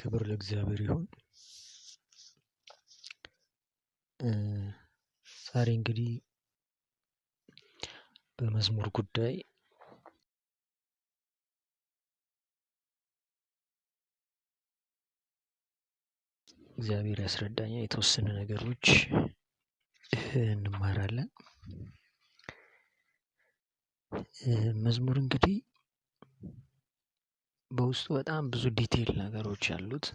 ክብር ለእግዚአብሔር ይሁን። ዛሬ እንግዲህ በመዝሙር ጉዳይ እግዚአብሔር ያስረዳኛ የተወሰነ ነገሮች እንማራለን። መዝሙር እንግዲህ በውስጡ በጣም ብዙ ዲቴል ነገሮች ያሉት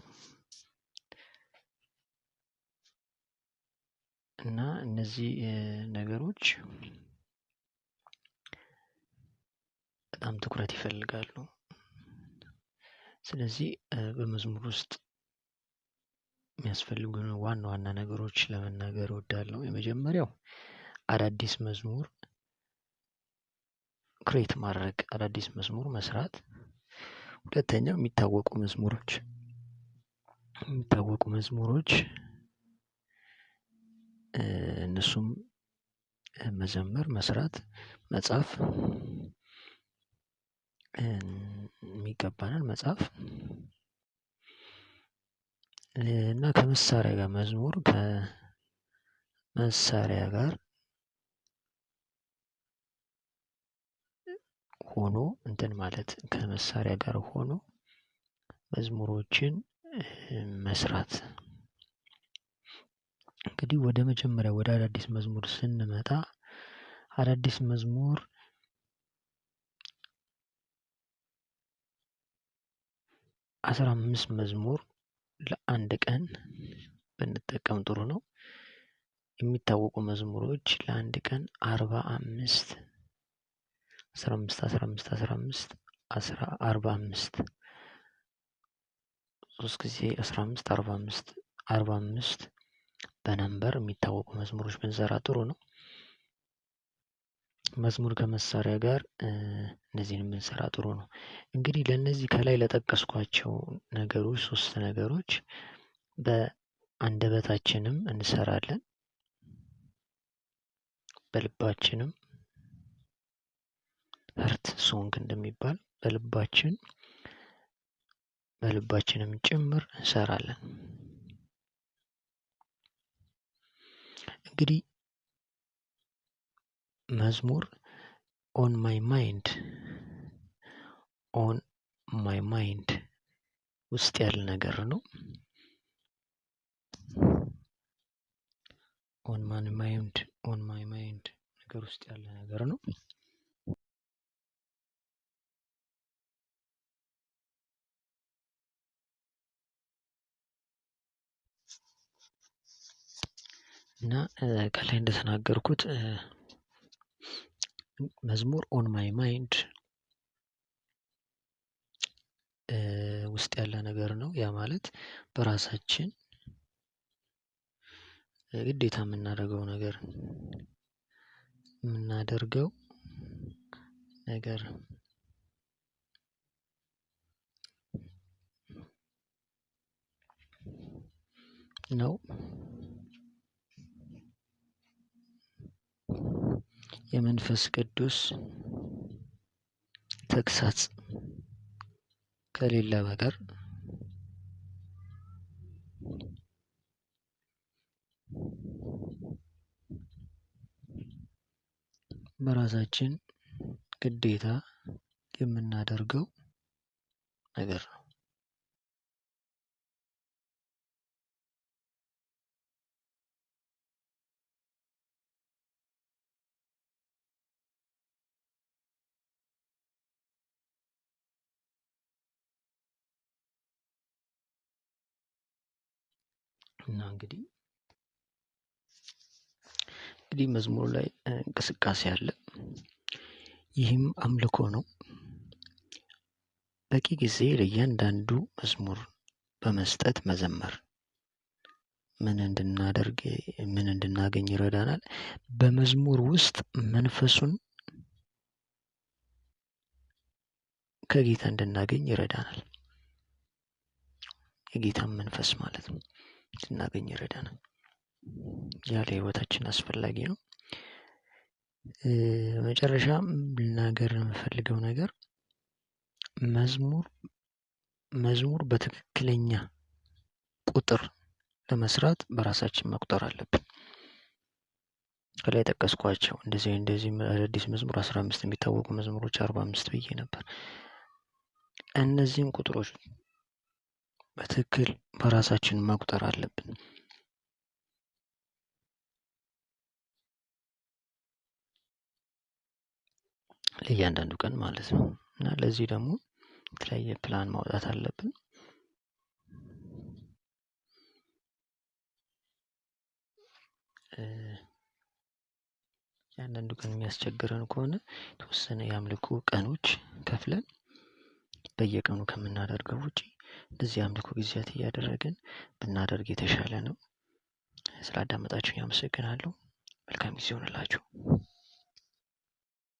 እና እነዚህ ነገሮች በጣም ትኩረት ይፈልጋሉ። ስለዚህ በመዝሙር ውስጥ የሚያስፈልጉን ዋና ዋና ነገሮች ለመናገር እወዳለሁ። የመጀመሪያው አዳዲስ መዝሙር ክሬት ማድረግ አዳዲስ መዝሙር መስራት ሁለተኛው የሚታወቁ መዝሙሮች የሚታወቁ መዝሙሮች እነሱም መዘመር፣ መስራት፣ መጻፍ የሚገባናል መጻፍ እና ከመሳሪያ ጋር መዝሙር ከመሳሪያ ጋር ሆኖ እንትን ማለት ከመሳሪያ ጋር ሆኖ መዝሙሮችን መስራት። እንግዲህ ወደ መጀመሪያ ወደ አዳዲስ መዝሙር ስንመጣ አዳዲስ መዝሙር አስራ አምስት መዝሙር ለአንድ ቀን ብንጠቀም ጥሩ ነው። የሚታወቁ መዝሙሮች ለአንድ ቀን አርባ አምስት አስራ አምስት አስራ አምስት አስራ አምስት አስራ አርባ አምስት ሶስት ጊዜ አስራ አምስት አርባ አምስት አርባ አምስት በነንበር የሚታወቁ መዝሙሮች ብንሰራ ጥሩ ነው። መዝሙር ከመሳሪያ ጋር እነዚህን ብንሰራ ጥሩ ነው። እንግዲህ ለእነዚህ ከላይ ለጠቀስኳቸው ነገሮች ሶስት ነገሮች በአንደበታችንም እንሰራለን፣ በልባችንም ሀርት ሶንግ እንደሚባል በልባችን በልባችንም ጭምር እንሰራለን። እንግዲህ መዝሙር ኦን ማይ ማይንድ ኦን ማይ ማይንድ ውስጥ ያለ ነገር ነው። ኦን ማይ ማይንድ ኦን ማይ ማይንድ ነገር ውስጥ ያለ ነገር ነው። እና ከላይ እንደተናገርኩት መዝሙር ኦን ማይ ማይንድ ውስጥ ያለ ነገር ነው። ያ ማለት በራሳችን ግዴታ የምናደርገው ነገር የምናደርገው ነገር ነው። የመንፈስ ቅዱስ ተግሳጽ ከሌለ በቀር በራሳችን ግዴታ የምናደርገው ነገር ነው። እና እንግዲህ እንግዲህ መዝሙሩ ላይ እንቅስቃሴ አለ። ይህም አምልኮ ነው። በቂ ጊዜ ለእያንዳንዱ መዝሙር በመስጠት መዘመር ምን እንድናደርግ ምን እንድናገኝ ይረዳናል። በመዝሙር ውስጥ መንፈሱን ከጌታ እንድናገኝ ይረዳናል። የጌታን መንፈስ ማለት ነው። እንድናገኝ ይረዳናል። ያ ለህይወታችን አስፈላጊ ነው። መጨረሻ ልናገር የምፈልገው ነገር መዝሙር መዝሙር በትክክለኛ ቁጥር ለመስራት በራሳችን መቁጠር አለብን። ከላይ የጠቀስኳቸው እንደዚህ እንደዚህ አዳዲስ መዝሙር አስራ አምስት የሚታወቁ መዝሙሮች አርባ አምስት ብዬ ነበር። እነዚህን ቁጥሮች በትክክል በራሳችን መቁጠር አለብን። ለእያንዳንዱ ቀን ማለት ነው እና ለዚህ ደግሞ የተለያየ ፕላን ማውጣት አለብን። እያንዳንዱ ቀን የሚያስቸግረን ከሆነ የተወሰነ የአምልኮ ቀኖች ከፍለን በየቀኑ ከምናደርገው ውጪ እንደዚህ አምልኮ ጊዜያት እያደረግን ብናደርግ የተሻለ ነው። ስላዳመጣችሁኝ አመሰግናለሁ። መልካም ጊዜ ይሁንላችሁ።